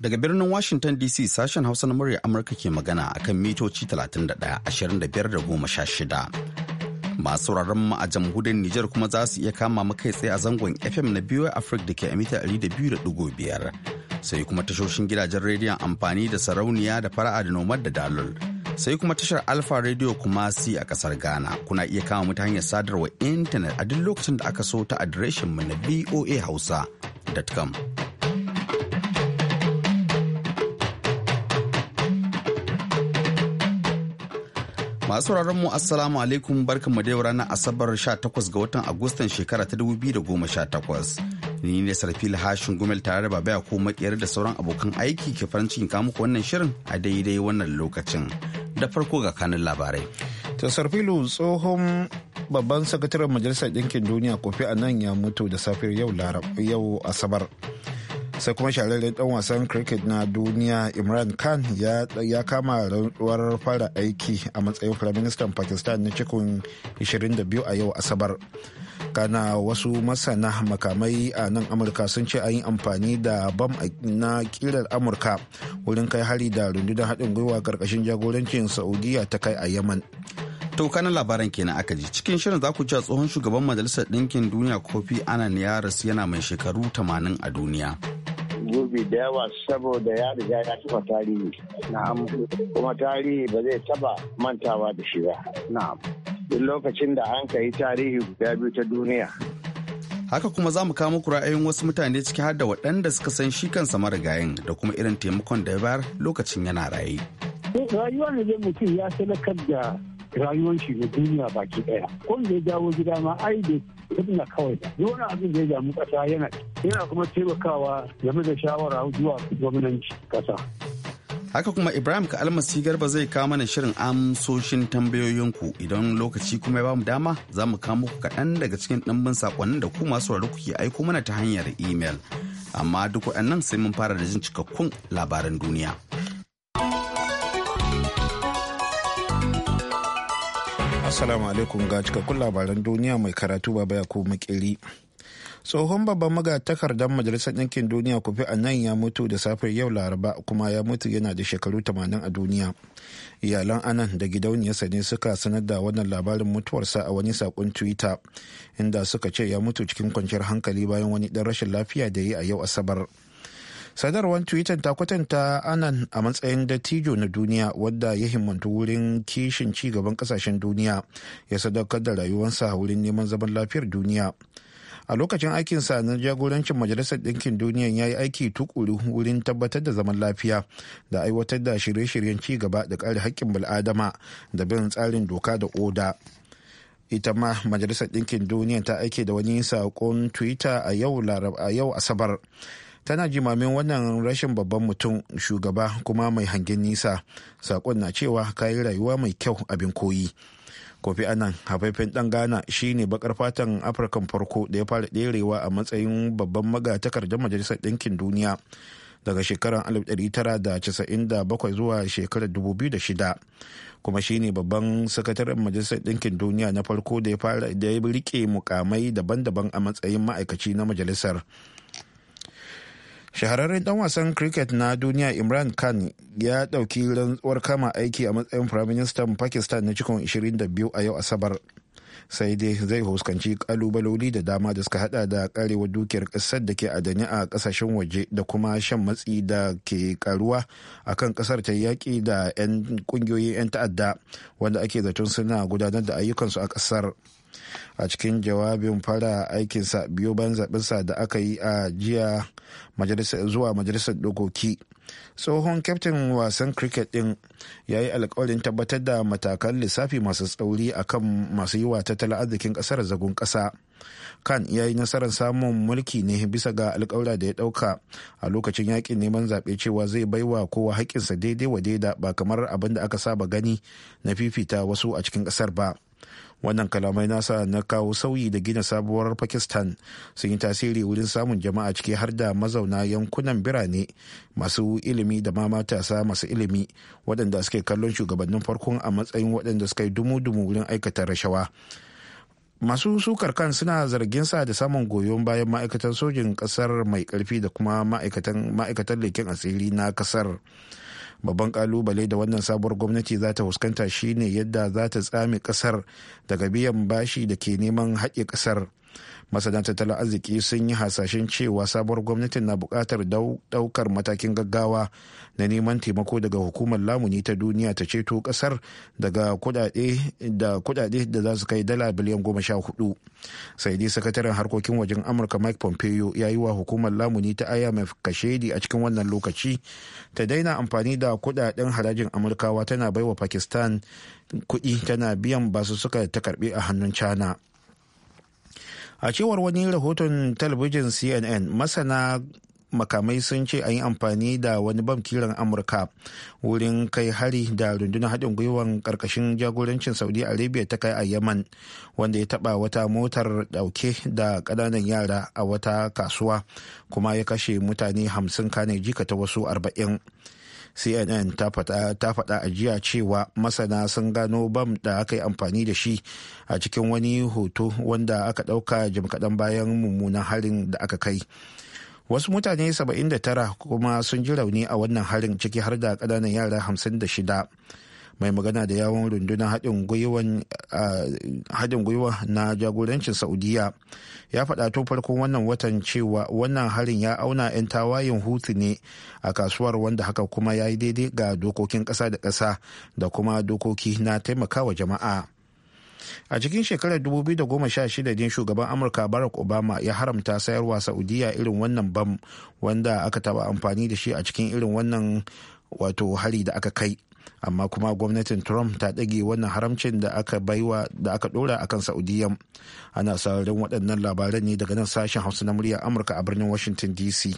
Daga birnin Washington DC sashen Hausa na murya Amurka ke magana a kan mitoci 31 25 shida Masu mu a jamhuriyar Nijar kuma za su iya kama mu kai tsaye a zangon FM na biyu Africa da ke a mita 200.5. Sai kuma tashoshin gidajen rediyon amfani da sarauniya da fara'a da nomad da dalol. Sai kuma tashar alpha Radio kuma si a kasar Ghana. Kuna iya kama mu ta hanyar sadarwa intanet a duk lokacin da aka so ta adireshin mu na voahausa.com. Masu mu Assalamu alaikum mu da yau ranar Asabar 18 ga watan Agustan shekara ta 2018. Ni ne Sarfil Hashin Gumel tare da Baba ko makiyar da sauran abokan aiki ke farin cikin muku wannan shirin a daidai wannan lokacin. Da farko ga kanin labarai. To Sarfilu tsohon babban sakataren Majalisar Ɗinkin Duniya Kofi nan ya mutu da safiyar yau Asabar. sai kuma shahararren dan wasan cricket na duniya imran khan ya kama rantsuwar fara aiki a matsayin firaministan pakistan na cikin 22 a yau asabar kana wasu masana makamai a nan amurka sun ce an yi amfani da bam na kirar amurka wurin kai hari da rundunar haɗin gwiwa karkashin jagorancin saudiya ta kai a yaman To kanan labaran kenan aka ji cikin shirin za ku ciwa tsohon shugaban majalisar ɗinkin duniya kofi ana rasu yana mai shekaru 80 a duniya. Gobe da yawa saboda ya riga ya taba tarihi na'am kuma tarihi ba zai taba mantawa da shi ba na'am duk lokacin da an yi tarihi guda biyu ta duniya haka kuma za mu kawo muku ra'ayin wasu mutane ciki har da waɗanda suka san shi kansa marigayin da kuma irin taimakon da ya bayar lokacin yana raye. rayuwar zai mutum ya sadakar da rayuwar shi na duniya baki daya ko da ya dawo gida ma ai da kuma kawai da wani abin da ya damu kasa yana yana kuma taimakawa game da shawara zuwa gwamnati kasa haka kuma ibrahim ka almasi garba zai kawo mana shirin amsoshin tambayoyinku idan lokaci kuma ya bamu dama za mu kawo ku kaɗan daga cikin ɗimbin saƙonnin da ku masu wari kuke aiko mana ta hanyar imel amma duk waɗannan sai mun fara da jin cikakkun labaran duniya. Assalamu alaikum ga cikakkun labaran duniya mai karatu baba ya ko makili. Tsohon babban magatakardar Majalisar Ɗinkin Duniya kufi a nan ya mutu da safe yau Laraba kuma ya mutu yana da shekaru 80 a duniya. Iyalan anan da sa ne suka sanar da wannan labarin mutuwarsa a wani sakon Twitter inda suka ce ya mutu cikin kwanciyar hankali bayan wani ɗan rashin lafiya da yi a yau Asabar. sadarwar twitter ta kwatanta anan a matsayin dattijo na duniya wadda ya himmantu wurin kishin ci gaban kasashen duniya ya sadaukar da rayuwarsa wurin neman zaman lafiyar duniya a lokacin aikinsa na jagorancin majalisar ɗinkin duniya ya yi aiki tukuru wurin tabbatar da zaman lafiya da aiwatar da shirye-shiryen ci gaba da kare haƙƙin bil'adama da bin tsarin doka da oda ita ma majalisar ɗinkin duniya ta aike da wani saƙon twitter a yau asabar tana jimamin wannan rashin babban mutum shugaba kuma mai hangen nisa sakon na cewa kayi rayuwa mai kyau abin koyi kofi anan haifafin dan ghana shine bakar fatan afirkan farko da ya fara ɗerewa a matsayin babban magatakardar majalisar ɗinkin duniya daga shekarar 1997 zuwa shekarar 2006 kuma shine babban sakataren majalisar ɗinkin duniya na farko da da ya rike mukamai daban-daban a matsayin ma'aikaci na majalisar shahararren dan wasan cricket na duniya imran khan ya dauki rantsuwar kama aiki a matsayin prime firaministan pakistan na cikin 22 a yau asabar sai dai zai huskanci kalubaloli da dama da suka hada da karewa dukiyar kasar da ke adani a kasashen waje da kuma shan matsi da ke karuwa a kan kasar ta yaƙi da 'yan kungiyoyin 'yan ta'adda wanda ake zaton suna gudanar da ayyukansu a kasar. a cikin jawabin fara aikinsa biyo bayan zaɓensa da aka yi a jiya zuwa majalisar dokoki tsohon kyaftin wasan cricket din ya yi alkawarin tabbatar da matakan lissafi masu tsauri kan masu yi wa tattalin arzikin kasar zagon kasa kan ya yi nasarar samun mulki ne bisa ga alkawura da ya ɗauka a lokacin yakin neman zaɓe cewa zai baiwa kowa haƙƙinsa daidai wa daida ba kamar abin da aka saba gani na fifita wasu a cikin ƙasar ba wannan kalamai nasa na kawo sauyi da gina sabuwar pakistan sun yi tasiri wurin samun jama'a ciki har da mazauna yankunan birane masu ilimi da ma matasa masu ilimi waɗanda suke kallon shugabannin farkon a matsayin waɗanda suka yi dumu-dumu wurin aikata rashawa masu sukar kan suna zargin sa da samun goyon bayan ma'aikatan sojin kasar mai karfi da kuma ma'aikatan leken asiri na kasar babban kalubale da wannan sabuwar gwamnati za ta fuskanta shine yadda za ta tsame kasar daga biyan bashi da ke neman haƙe kasar masana tattalin arziki sun yi hasashen cewa sabuwar gwamnatin na bukatar ɗaukar matakin gaggawa na neman taimako daga hukumar lamuni ta duniya ta ceto kasar daga kudade da za su kai dala biliyan goma sha hudu sai dai sakataren harkokin wajen amurka mike pompeo ya yi wa hukumar lamuni ta imf kashedi a cikin wannan lokaci ta daina amfani da kudaden harajin amurkawa tana baiwa pakistan kuɗi tana biyan basu suka ta karɓi a hannun china a cewar wani rahoton talabijin cnn masana makamai sun ce an yi amfani da wani bam kiran amurka wurin kai hari da rundunar haɗin gwiwan ƙarƙashin jagorancin saudi arabia ta kai a yaman wanda ya taɓa wata motar ɗauke da ƙananan yara a wata kasuwa kuma ya kashe mutane hamsin kane jika ta wasu arba'in cnn ta faɗa a jiya cewa masana sun gano bam da aka yi amfani da shi a cikin wani hoto wanda aka ɗauka jim kaɗan bayan mummunan harin da aka kai wasu mutane 79 kuma sun ji rauni a wannan harin ciki har da ƙananan yara 56 mai magana da yawon rundunar haɗin gwiwa na jagorancin saudiya ya faɗa tun farkon wannan watan cewa wannan harin ya auna 'yan tawayin hutu ne a kasuwar wanda haka kuma ya yi daidai ga dokokin ƙasa da ƙasa da kuma dokoki na taimakawa jama'a a cikin shekarar 2016 ne shugaban amurka barack obama ya haramta sayarwa saudiya irin wannan bam wanda aka taba amfani da shi a cikin irin wannan wato hari da aka kai amma kuma gwamnatin trump ta ɗage wannan haramcin da aka baiwa da aka ɗora a kan saudiya ana sararin waɗannan labaran ne daga nan sashen hausa na murya amurka a birnin washington dc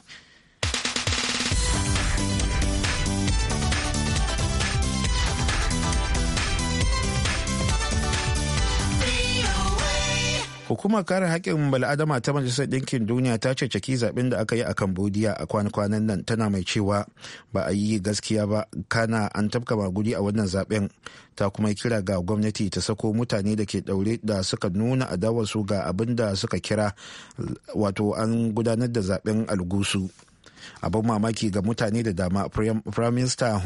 hukumar kare haƙƙin bal'adama ta majalisar ɗinkin duniya ta ceceki zaɓen da aka yi a cambodia a kwanan nan tana mai cewa ba a yi gaskiya ba kana an tafka magudi a wannan zaɓen ta kuma kira ga gwamnati ta sako mutane da ke ɗaure da suka nuna adawarsu ga abin da suka kira wato an gudanar da zaɓen algusu. abin mamaki ga mutane da dama prime minister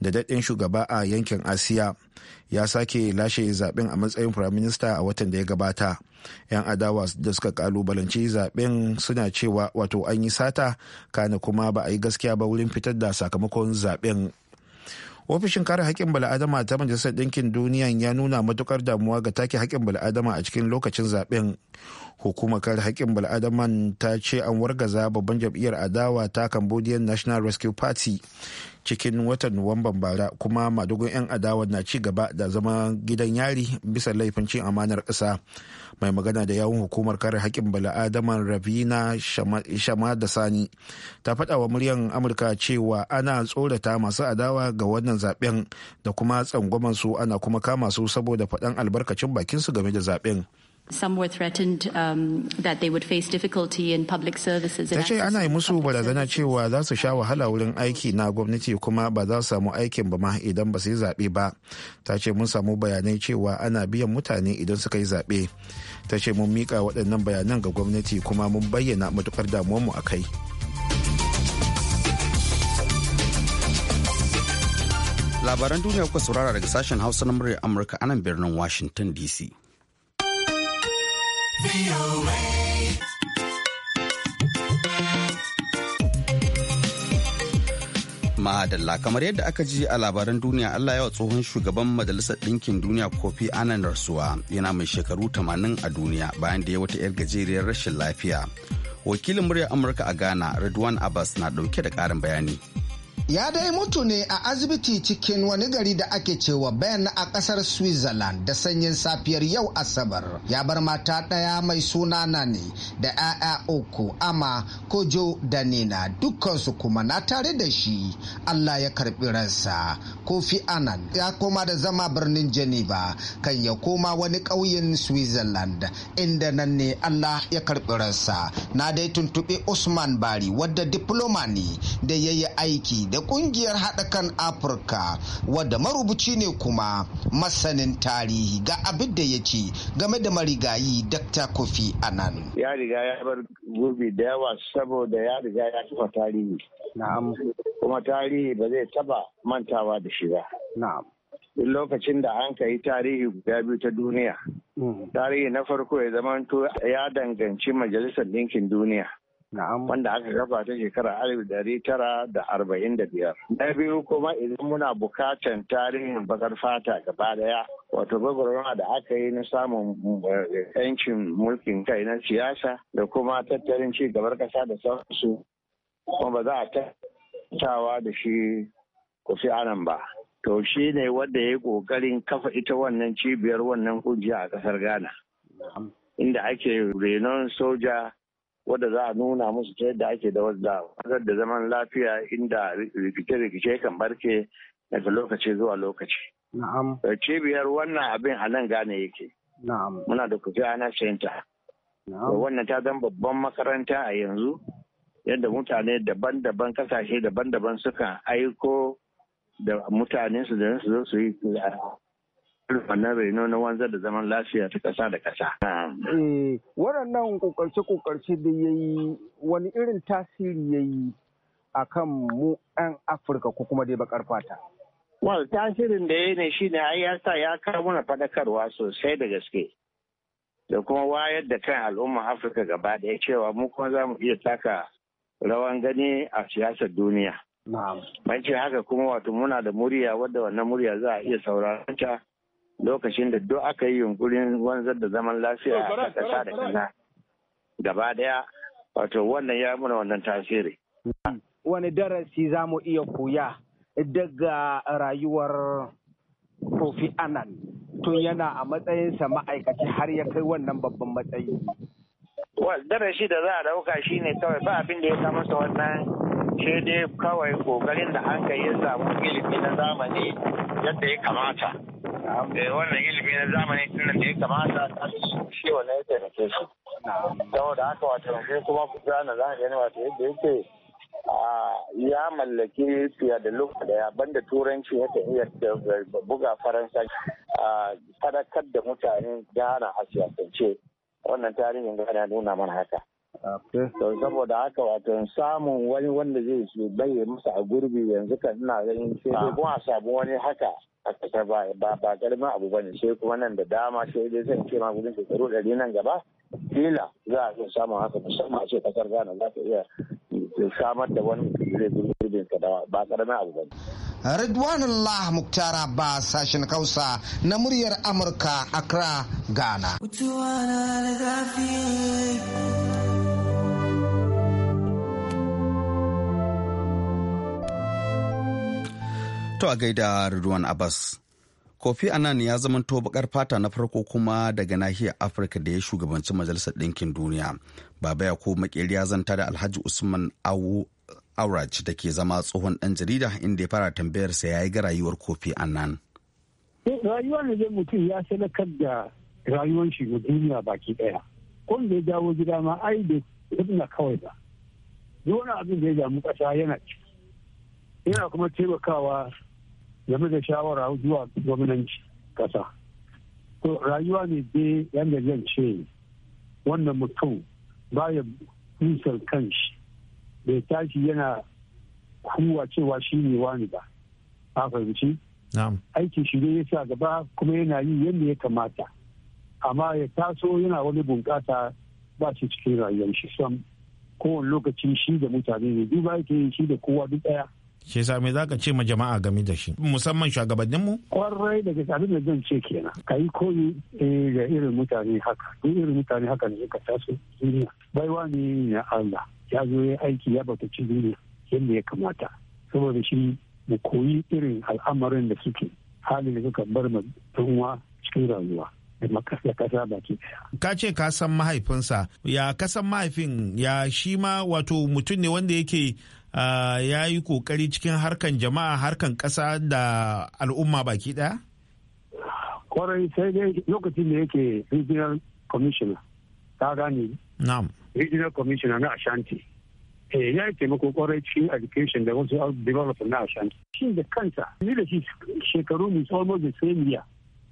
da daɗin shugaba a yankin asiya ya sake lashe zaben a matsayin prime a watan da ya gabata yan adawa da suka kalubalance zaben suna cewa wato an yi sata kana kuma ba a yi gaskiya ba wurin fitar da sakamakon zaben ofishin kare haƙƙin bala'adama ta majalisar ɗinkin duniya ya nuna matukar damuwa ga take haƙƙin bala'adama a cikin lokacin zaben hukumar kare hakkin bala'adaman ta ce an wargaza babban jam'iyyar adawa ta cambodian national rescue party cikin watan nuwamban bara kuma madugun 'yan adawa na ci gaba da zama gidan yari bisa laifin cin amanar ƙasa mai magana da yawun hukumar kare haƙƙin bala'adaman ravina shama da sani ta faɗa wa muryan amurka cewa ana tsorata masu adawa ga wannan zaben da kuma tsangwaman ana kuma kama su saboda faɗan albarkacin bakinsu game da zaben. Some were threatened um, that they would face difficulty in public services. Ta ce ana yi musu barazana cewa za su sha wahala wurin aiki na gwamnati kuma ba za su samu aikin ba ma idan ba su yi zaɓe ba. Ta ce mun samu bayanai cewa ana biyan mutane idan suka yi zaɓe. Ta ce mun miƙa waɗannan bayanan ga gwamnati kuma mun bayyana matuƙar damuwarmu a kai. Labaran duniya kuka saurara daga sashen Hausa na muryar Amurka anan birnin Washington DC. Madalla kamar yadda aka ji a labaran duniya Allah wa tsohon shugaban majalisar ɗinkin duniya kofi ana rasuwa yana mai shekaru 80 a duniya bayan da ya wata 'yar gajeriyar rashin lafiya. Wakilin muryar Amurka a Ghana Redwan Abbas na ɗauke da ƙarin bayani. ya dai mutu ne a asibiti cikin wani gari da ake cewa bayan a kasar switzerland da sanyin safiyar yau asabar ya bar mata ɗaya mai suna ne da 'ya'ya uku ama kojo da nina dukansu kuma na tare da shi allah ya karbi ransa kofi anan ya koma da zama birnin geneva kan ya koma wani ƙauyen switzerland inda nan ne allah ya karbi ransa na dai tuntuɓi usman bari wadda diploma ne da ya yi aiki da Ƙungiyar haɗa kan afirka wadda marubuci ne kuma masanin tarihi ga abin da ya ce game da marigayi dr kofi anan ya riga ya bar gurbi da yawa saboda ya riga ya kafa tarihi na'am kuma tarihi ba zai taba mantawa da shi ba na'am duk lokacin da an yi tarihi guda biyu ta duniya. Mm. Tarihi na farko ya zamanto ya danganci Majalisar Ɗinkin Duniya. wanda aka kafa ta shekara alif dari tara da arba'in da biyar. Na biyu kuma idan muna bukatan tarihin bakar fata gaba daya wato gwagwarmaya da aka yi na samun yancin eh, mulkin kai na siyasa da kuma tattalin ci gabar kasa da sauransu kuma ba za a tattawa da shi kufi anan ba. To shi ne wanda ya yi ƙoƙarin kafa ita wannan cibiyar wannan kungiya a ƙasar Ghana. Inda ake renon soja wadda za a nuna musu ta yadda ake da wadda da zaman lafiya inda rikice-rikice kan barke daga lokaci zuwa lokaci. Na'am. Eh, cibiyar wannan abin a nan gane yake. Na'am. Muna da kufi ana shinta. Na'am. Wannan ta zama babban makaranta a yanzu yadda mutane daban-daban kasashe daban-daban suka aiko da su da su zo su yi wannan bai na wanzar da zaman lafiya ta kasa da kasa. Mm, waɗannan kokarce kokarce da ya yi wani irin tasiri ya yi a kan mu ɗan afirka ko kuma dai bakar fata. Wal tasirin da ya ne shi ne ai ya ya kawo mana faɗakarwa sosai da gaske. Da kuma wayar da kan al'ummar Afirka gaba da ya cewa mu kuma za mu iya taka rawan gani a siyasar duniya. Ban ce haka kuma wato muna da murya wadda wannan murya za a iya sauraron ta lokacin da duk aka yi yunkurin wanzar da zaman lafiya a ƙasa da ƙasa gaba daya wato wannan ya muna wannan tasiri. Hmm. Wani darasi za mu iya koya daga rayuwar Kofi Annan tun yana a matsayinsa ma'aikaci har ya kai wannan babban matsayi. Darasi da za a dauka shine kawai ba abin da ya samu wannan shi dai kawai kokarin da an ka yi samu ilimi na zamani yadda ya kamata eh, wannan ilimi na zamani tun da ya kamata shi wannan ya taimake shi saboda haka wato sai kuma zana za a wato yadda yake ya mallaki fiye da lokaci da banda turanci ya iya buga faransa fadakar da mutane gana a siyasance wannan tarihin gana nuna mana haka Eh. saboda haka wato samun wani wanda zai su bayyana masa a gurbi yanzu kan ina ganin sai dai ah. kuma a samu wani haka a kasa ba ba garma abu bane sai kuma nan da dama sai dai zan ce ma gudun tsaro ɗari nan gaba kila za a iya samun haka musamman a ce kasar Ghana za ta iya samar da wani zai gurbin ka ba garma abu bane. Ridwanullah Muktar Abbas sashen Hausa na muryar Amurka Accra Ghana. To a gaida Ridwan Abbas. Kofi Annan ya zamanto bakar fata na farko kuma daga nahiyar Afirka da ya shugabanci Majalisar Ɗinkin Duniya. Baba ya ko ya zanta da Alhaji Usman Awu Auraj da ke zama tsohon ɗan jarida inda ya fara tambayarsa ya yi ga rayuwar Kofi Annan. Eh, Rayuwa ne zai mutum ya sadakar da rayuwar shi ga duniya baki ɗaya. da ya jawo gida ma ai da kawai ba. Duk wani abin da ya damu ƙasa yana ciki. Yana kuma taimakawa game da shawara zuwa gwamnanci kasa to rayuwa ne be yadda zan ce wannan mutum baya nisan kanshi bai tashi yana kuwa cewa shi ne wani ba a fahimci aikin shi ne ya sa gaba kuma yana yi yadda ya kamata amma ya taso yana wani bunƙasa ba shi cikin rayuwar shi sam kowane lokacin shi da mutane ne duba yake yin shi da kowa duk ɗaya shi yasa me zaka ce ma jama'a game da shi musamman mu kwarai da gaske abin da zan ce kenan ka yi koyi da eh, irin mutane haka ko irin mutane haka ne ka taso duniya baiwa ne ya Allah ya zo ya aiki ya baka ci duniya yadda ya kamata saboda shi mu koyi irin al'amarin da suke halin da suka bar ma tunwa cikin rayuwa da kasa baki Ka ce ka san mahaifinsa, ya kasan mahaifin ya shi ma wato mutum ne wanda yake Ah, ya yi kokari cikin harkan jama'a harkan ƙasa da al'umma baki ɗaya? kwarai sai dai lokacin da yake regional commissioner ta gani na'am regional commissioner na ashanti eh ya yi taimako kwarai cikin education da wasu development na ashanti shi da kanta ni da shi shekaru ne almost the same year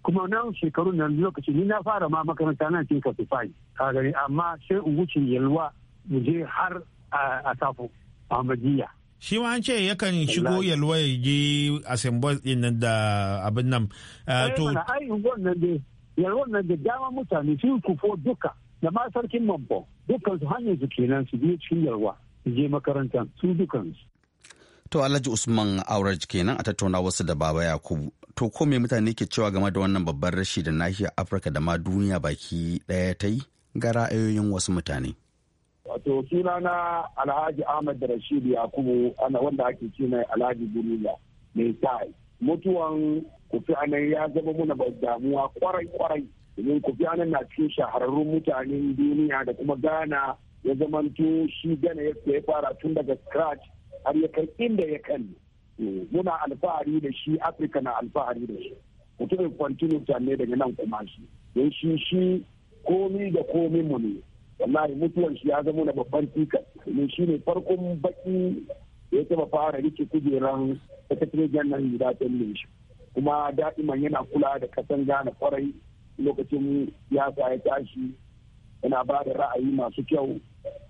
kuma nan shekaru nan lokacin ni na fara ma makaranta nan cikin kafifai ta gani amma sai in wuce yalwa mu je har ah, a safo Ahmadiyya. Shi ma an ce yakan shigo yalwa ya ji a da abin nan. Ah, eh, to nan da dama mutane sun kufo duka da ma sarkin Mambo dukkan su hanyar su kenan su je cikin yalwa su je makarantar su dukkan To Alhaji Usman Auraj kenan a tattauna wasu da Baba Yakubu. To ko me mutane ke cewa game da wannan babban rashi da nahiyar Afirka da ma duniya baki ɗaya ta yi ga ra'ayoyin wasu mutane. wato suna na alhaji ahmad da rashid yakubu wanda ake ce mai alhaji buruza mai sai mutuwan kufi anan ya zama muna ba damuwa kwarai kwarai domin kufi anan na cikin shahararrun mutanen duniya da kuma ghana ya zamanto shi gana ya fara tun daga scratch har ya kai inda ya kan eh, muna alfahari da shi afirka na alfahari da shi mutumin ta ne daga nan kuma shi don shi shi komi da komi mu ne wallahi mutuwar shi ya zama na babban tikas ne shi ne farkon baki da ya taba fara rike kujeran sakatare janar united shi kuma da'iman yana kula da kasan gane kwarai lokacin sa ya tashi yana ba da ra'ayi masu kyau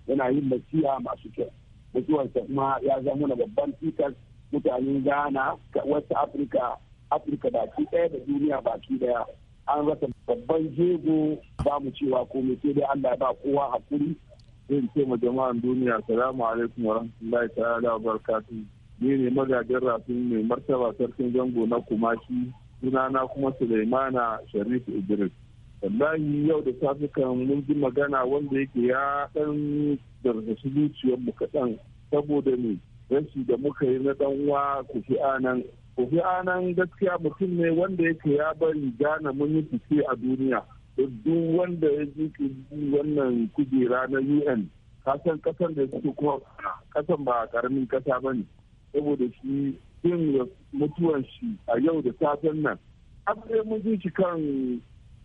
yana yin nasiha masu kyau mutuwarsa kuma ya zama na babban tikas mutanen ghana west africa afirka baki ɗaya da duniya baki ɗaya an rasa babban jego ba mu cewa komai sai dai Allah ba kowa hakuri zai ce ma jama'an duniya salamu alaikum wa rahmatullahi ta'ala wa barakatuh ni ne magajin rafin mai martaba sarkin zango na kumashi sunana kuma Sulaimana Sharif Idris wallahi yau da safe kan mun ji magana wanda yake ya dan zargashi zuciyar mu kaɗan saboda ne rashi da muka yi na dan uwa ku fi anan kofi anan gaskiya mutum ne wanda yake ya bari gana mun yi fice a duniya duk wanda ya ji wannan kujera na un kasan kasan da suke kuma kasan ba karamin kasa ba ne saboda shi yin mutuwan shi a yau da safen nan an mun ji shi kan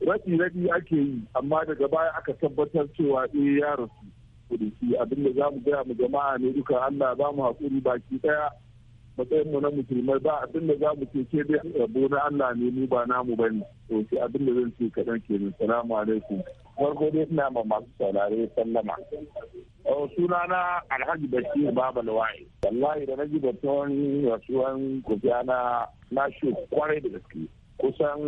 raɗi-raɗi ake yi amma daga baya aka tabbatar cewa eh ya rasu abin abinda za mu gaya mu jama'a ne duka allah ba mu haƙuri baki ɗaya matsayin mu na musulmai ba abin da za mu ce ke dai rabo na Allah ne mu ba namu ba ne to shi abin zan ce kaɗan kenan salamu alaikum farko dai ina ma masu saurare sallama suna na alhaji bashir baba lawai wallahi da na ji batun rasuwan kufiyana na shi kwarai da gaske kusan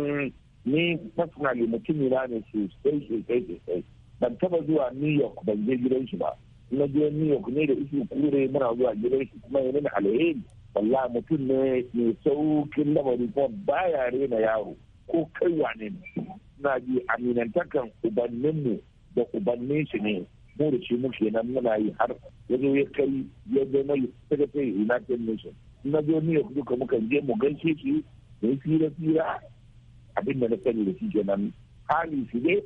ni personally mutumi na ne sosai sosai sosai ban taba zuwa new york ban je gidan shi ba na je new york ne da isu kure muna zuwa gidan shi kuma ya nuna alheri wallah mutum ne mai saukin lamari ko baya rena yaro ko kai wane ne na ji aminantakan ubanninmu da ubannin shi ne mu da shi muke nan muna yi har ya zo ya kai ya mai secretary united Nation. na zo ne duka mukan je mu gaishe shi da fira fira abinda na sani da shi kenan hali shi ne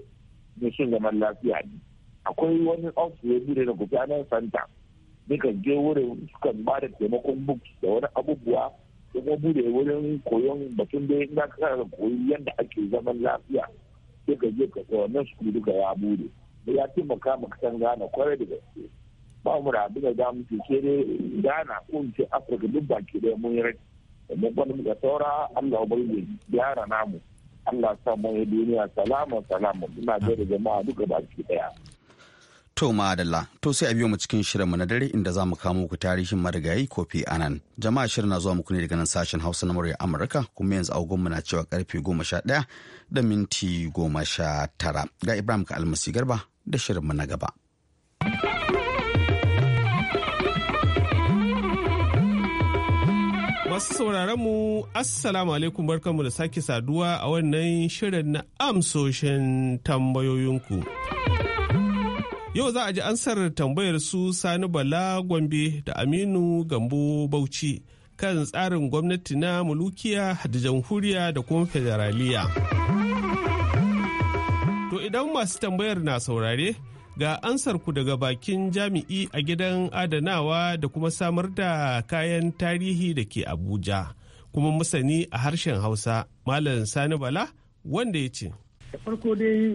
mai shi zaman lafiya ne akwai wani ofis ya bude na gudanar santa mukan je wurin sukan ba da taimakon books da wani abubuwa da kuma bude wurin koyon batun da ya ka kara koyi yadda ake zaman lafiya sai ka je ka wannan su duka ya bude da ya taimaka ma kasan gana kwarai da gaske ba mu da da za mu ce gana ko mu ce afirka duk baki daya mun yi rai da muka saura allah bai gyara namu allah sa mu yi duniya salama salama ina da jama'a duka baki daya To ma'adala to sai a biyo mu cikin shirinmu na dare inda za mu kamo ku tarihin marigayi kofi nan Jama'a shirin na zuwa muku ne daga nan sashen Hausa na murya Amurka kuma yanzu mu na cewa karfe goma sha ɗaya da minti goma sha tara. Ga Ibrahim ka almasi garba da shirinmu na gaba. Masu sauraron mu Assalamu alaikum barkanmu da sake saduwa a wannan shirin na amsoshin tambayoyinku. Yau za a ji ansar tambayar su Sani Bala Gombe da Aminu Gambo Bauchi kan tsarin gwamnati na mulukiya da jamhuriya da kuma federaliya. To idan masu tambayar na saurare ga ansar ku daga bakin jami'i a gidan adanawa da kuma samar da kayan tarihi da ke Abuja, kuma musani a harshen Hausa, Malam Sani Bala, wanda ya ce. da farko dai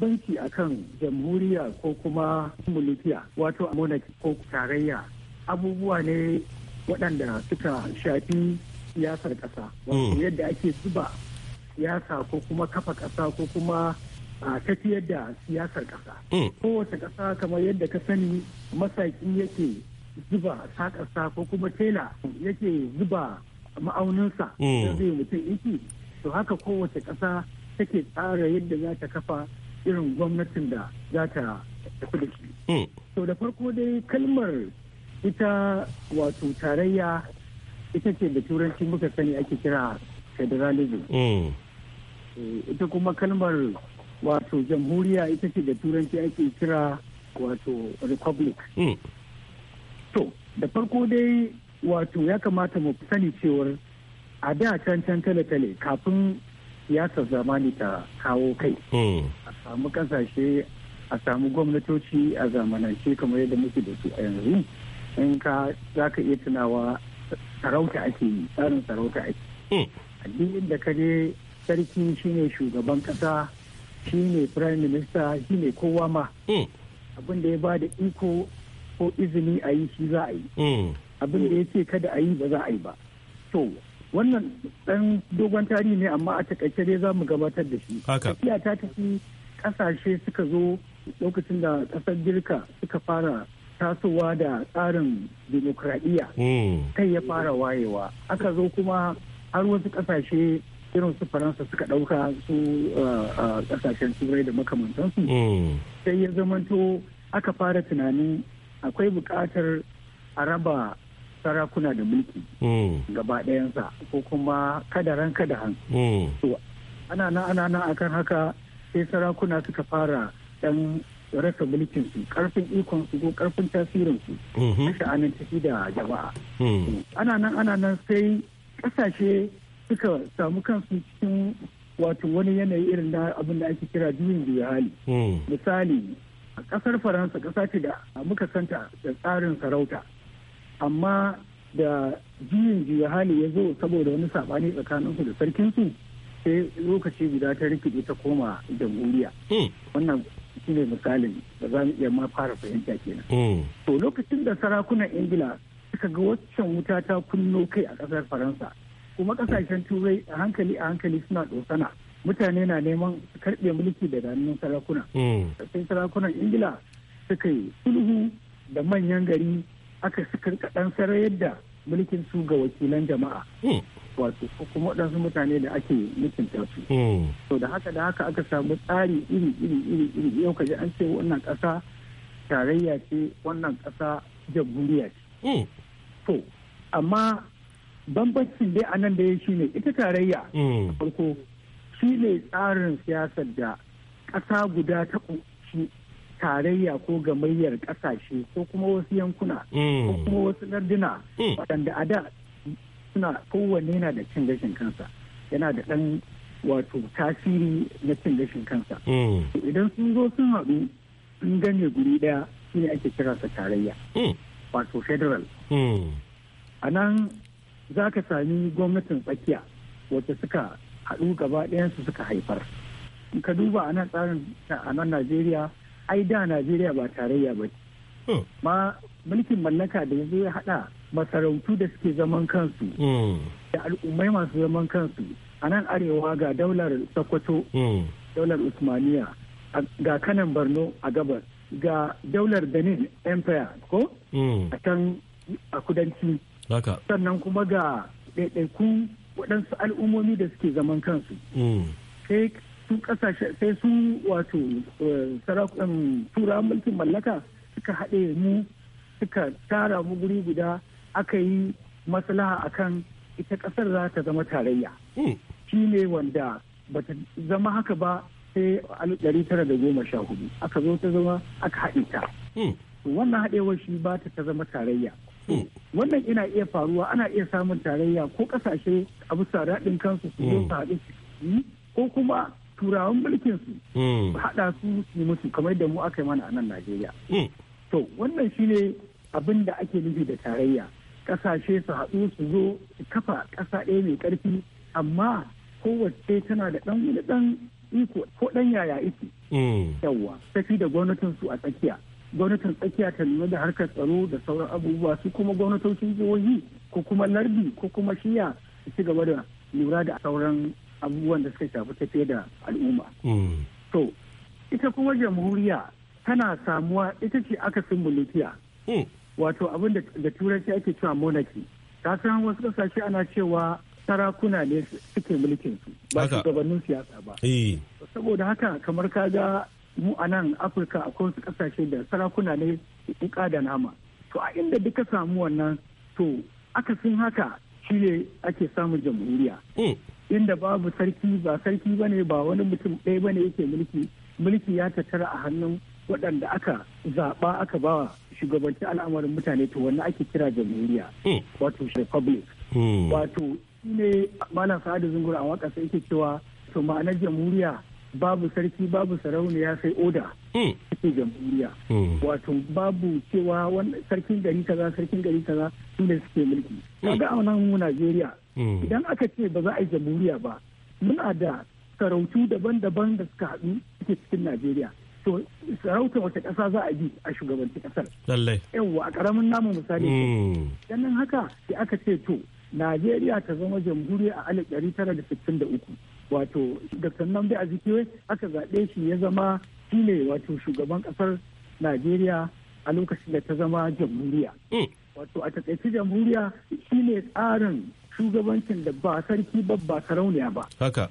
banki akan jamhuriya ko kuma mulkiya wato monarchy ko tarayya abubuwa ne waɗanda suka shafi siyasar ƙasa wato mm. yadda ake zuba siyasa ko kuma kafa ƙasa ko kuma a tafiyar da siyasar ƙasa mm. kowace ƙasa kamar yadda ka sani masaki yake zuba saƙarsa ko kuma tela yake zuba ma'auninsa mm. zai mutum iki to haka kowace ƙasa take tsara yadda za ta kafa irin gwamnatin da za ta tafi da shi. Hmm. To da farko dai kalmar ita wato tarayya ita ce da turanci muka sani ake kira federalism. Hmm. Eh, ita kuma kalmar wato jamhuriya ita ce da turanci ake kira wato republic. Hmm. To da farko dai wato ya kamata mu sani cewar a da can can tale-tale kafin siyasar zamani ta kawo kai hmm. a samu kasashe a samu gwamnatoci a zamanance kamar yadda muke da su a yanzu in ka za ka iya tunawa sarauta ake yi tsarin sarauta ake hmm. addinin da kare sarki shine shugaban kasa shine prime minister shine kowa ma hmm. abin da ya ba da iko ko izini a yi shi za a yi abin da ya ce kada a yi ba za a yi ba to wannan dan dogon tarihi ne amma a takaice dai za mu gabatar da shi tafiya ta tafi kasashe suka zo lokacin da ƙasar girka suka fara tasowa da tsarin demokradiyya hmm. kai ya fara wayewa aka zo kuma har wasu ƙasashe irin su faransa suka ɗauka su uh, uh, ƙasashen turai da makamantansu hmm. sai ya zamanto aka fara tunanin akwai buƙatar a raba sarakuna da mulki mm. gaba ɗayansa ko kuma kadaran da mm. to ana nan ana nan akan haka sai sarakuna suka fara ɗan rasa mulkin su karfin ikon su ko karfin tasirin su mm-hmm. sha'anin tafi da jama'a mm. ana nan ana nan sai ƙasashe suka samu kansu cikin wato wani yanayi irin na abin da ake kira juyin juya hali misali a kasar faransa kasa ce da muka santa da tsarin sarauta amma da juyin juya hali ya zo saboda wani saɓani tsakaninsu da sarkinsu sai lokaci guda ta rikide ta koma jamhuriya hmm. wannan shi misalin da za mu iya ma fara fahimta kenan hmm. to lokacin da sarakunan ingila suka ga waccan wuta ta kunno kai a ƙasar faransa kuma ƙasashen turai a hankali a hankali suna ɗosana mutane na neman karɓe mulki daga hannun sarakuna hmm. sai sarakunan ingila suka yi sulhu da manyan gari aka sukan kaɗan sarayar yadda mulkin su ga wakilan jama'a hmm. wato ko kuma waɗansu mutane da ake mutunta su hmm. to da haka da haka aka samu tsari iri iri iri iri yau ka an ce wannan ƙasa tarayya ce wannan ƙasa jamhuriya ce hmm. to amma bambancin dai a nan da ya shine ita tarayya farko shi ne tsarin siyasar da ƙasa guda ta ƙunshi tarayya ko gamayyar kasashe ko kuma wasu yankuna ko mm. kuma wasu lardina mm. waɗanda a da suna kowanne yana da cin gashin kansa yana da ɗan wato tasiri na cin gashin kansa mm. idan sun zo sun haɗu sun gane guri ɗaya shi ne ake sa tarayya wato federal a nan za ka sami gwamnatin tsakiya wacce suka haɗu gaba ɗayansu suka haifar ka duba a nan tsarin a nan najeriya ai da najeriya ba tarayya ba ce hmm. ma mulkin mallaka da ya zai ya haɗa masarautu da suke zaman kansu hmm. da al'ummai masu zaman kansu a nan arewa ga daular sokoto hmm. daular usmaniya ga kanan borno a gabas ga daular benin empire ko a can a kudanci sannan kuma ga ɗaiɗaikun waɗansu al'ummomi da suke zaman kansu sai sun kasashe sai su wato eh, sarakun tura mulkin mallaka suka haɗe mu suka tara mu guri guda aka yi maslaha akan ita ƙasar za ta zama tarayya hmm. shi ne wanda bata zama haka ba sai a ɗari tara da goma sha hudu aka zo ta zama aka haɗe ta hmm. wannan haɗewar shi ba ta zama tarayya hmm. wannan ina iya faruwa ana iya samun tarayya ko ƙasashe a bisa daɗin kansu su zo su haɗu ko kuma turawan mulkin su hmm. haɗa su su musu kamar da mu aka yi mana a nan Najeriya. Hmm. To wannan shine abin da ake nufi da tarayya ƙasashe su haɗu su zo su kafa ƙasa ɗaya mai ƙarfi amma kowace tana da ɗan wani ɗan iko ko ɗan yaya ike. Hmm. Yawwa tafi da gwamnatin su a tsakiya. Gwamnatin tsakiya ta nuna da harkar tsaro da sauran abubuwa su kuma gwamnatocin jihohi ko kuma lardi ko kuma shiya su ci gaba da lura da sauran abubuwan da suka shafi tafiye da al'umma. Mm. To, ita kuma jamhuriya tana samuwa ita ce akasin mulkiya. Mm. Wato abin da turanci ake cewa monarchy. Ta san wasu kasashe ana cewa sarakuna ne suke mulkin su ba shugabannin siyasa ba. Eh. Saboda haka kamar ka ga mu a nan Afirka akwai wasu kasashe da sarakuna ne su da nama. To a inda duka samu wannan to akasin haka shi ne ake samun jamhuriya. Mm. inda babu sarki ba sarki ba ne ba wani mutum ɗaya ba ne yake mulki mulki ya tattara a hannun waɗanda aka zaɓa aka bawa shugabanci al'amarin mutane to wannan ake kira jamhuriya hmm. wato republic hmm. wato ne malam sa'adu zungura a waƙa sai yake cewa to ma'anar jamhuriya babu sarki babu sarauniya sai oda hmm. ake jamhuriya wato babu cewa sarkin gari kaza sarkin gari kaza su ne suke mulki kaga a nan mu Najeriya Mm. idan aka ce ba za a yi jamhuriya ba muna da sarautu daban-daban da suka haɗu suke cikin najeriya to sarauta wace ƙasa za a bi a shugabanci ƙasar yawwa a ƙaramin namu misali mm. nan haka sai aka ce to najeriya ta zama jamhuriya a alif ɗari tara da sittin da uku wato dr namdi azikiwe aka zaɓe shi ya zama shi ne wato shugaban ƙasar najeriya a lokacin da ta zama jamhuriya mm. wato a taƙaice jamhuriya shi ne tsarin shugabancin da ba sarki ba ba sarauniya ba haka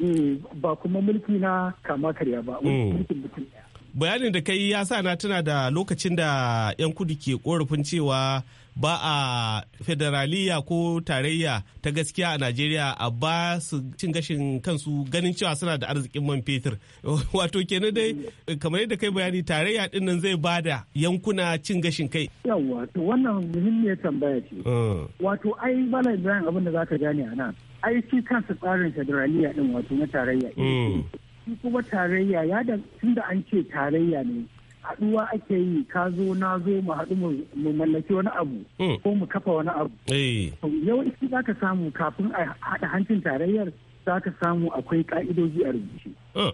mm, ba kuma mulki na kama karya ba mm. mulkin mutum ɗaya bayanin da kai ya sa na tuna da lokacin da 'yan kudu ke korafin cewa ba a federaliya ko tarayya ta gaskiya a najeriya a ba su cin gashin kansu ganin cewa suna da arzikin man fetur wato kenan dai kamar yadda kai bayani tarayya din nan zai ba da yankuna cin gashin kai yawa to wannan muhimmiyar tambaya ce ah. wato ai bala ibrahim abin da ka gane a nan ai shi kansu tsarin federaliya din wato na tarayya hmm. shi kuma tarayya ya da tunda an ce tarayya ne haduwa ake yi ka zo na zo mu haɗu mu mallaki wani abu hmm. ko mu kafa wani abu eh. yawanci za ka samu kafin a haɗa hancin tarayyar za ka samu akwai ka'idoji a rubuce hmm.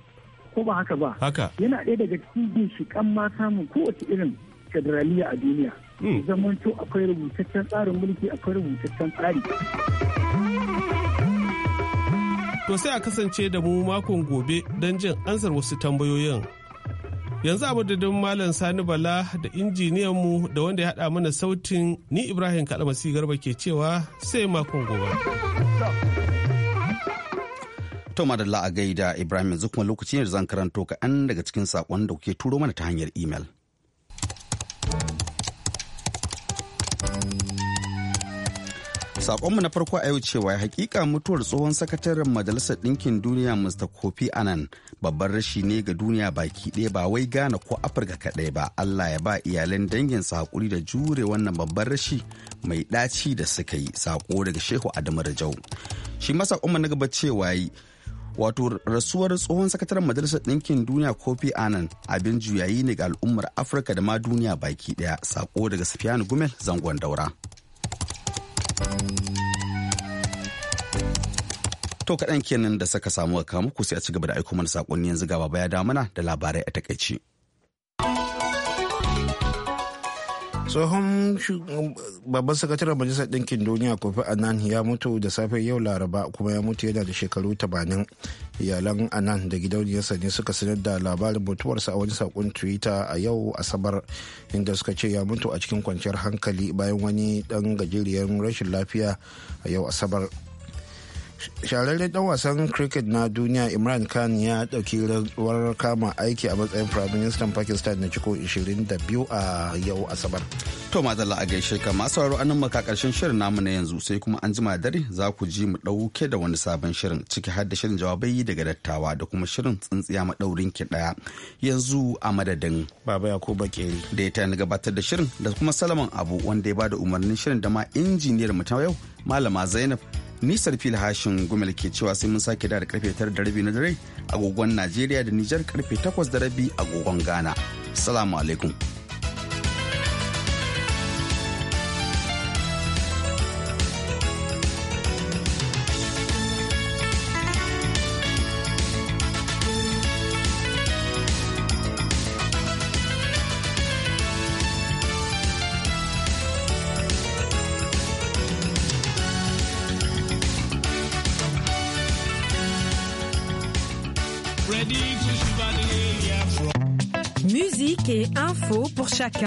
ko ba haka ba yana ɗaya daga cikin kan ma samun kowace irin federaliya a duniya hmm. zamanto akwai rubutaccen tsarin mulki akwai rubutaccen tsari To sai a kasance da mu makon gobe don jin ansar wasu tambayoyin. Yanzu a madadin Malam Sani Bala da injiniyanmu da wanda ya haɗa mana sautin ni Ibrahim Kalmasi Garba ke cewa sai makon gobe. To madalla a gaida Ibrahim yanzu kuma lokaci ne da zan karanto kaɗan daga cikin saƙon da kuke turo mana ta hanyar imel. Sakonmu na farko a yau cewa hakika mutuwar tsohon sakataren Majalisar Ɗinkin Duniya Mr. Kofi Annan babban rashi ne ga duniya baki ɗaya ba wai gana ko Afirka kaɗai ba. Allah ya ba iyalan dangin su hakuri da jure wannan babban rashi mai ɗaci da suka yi. Sako daga Shehu Adamu Rajau. Shi ma sakonmu na gaba cewa yi wato rasuwar tsohon sakataren majalisar ɗinkin duniya kofi anan abin juyayi ne ga al'ummar afirka da ma duniya baki ɗaya sako daga sufiyanu gumel zangon daura To kaɗan kenan da saka samu kamu ku sai a ci gaba da aiko mana saƙonni yanzu gaba baya mana da labarai a takaici. tsohon babban sakataren majalisar ɗinkin duniya kofi anan ya mutu da safe yau laraba kuma ya mutu yana da shekaru 80 iyalan anan da gidauniyarsa ne suka sanar da labarin mutuwarsa a wani saƙon twitter a yau asabar inda suka ce ya mutu a cikin kwanciyar hankali bayan wani ɗan gajeriyar rashin lafiya a yau asabar. shararren dan wasan cricket na duniya imran khan ya dauki rawar kama aiki a matsayin prime minister pakistan na ciko 22 a yau asabar to madalla a gaishe ka masu sauraro anan maka karshen shirin namu na yanzu sai kuma an jima dare za ku ji mu dauke da wani sabon shirin ciki har da shirin jawabai daga dattawa da kuma shirin tsintsiya madaurin ki daya yanzu a madadin baba yakuba keri da ya ni gabatar da shirin da kuma salaman abu wanda ya bada umarnin shirin da ma injiniyar mu ta yau malama zainab nisar fil hashin gumel ke cewa sai mun sake da karfe tara da rabi na dare agogon najeriya da nijar karfe takwas da rabi agogon ghana salamu alaikum pour chacun.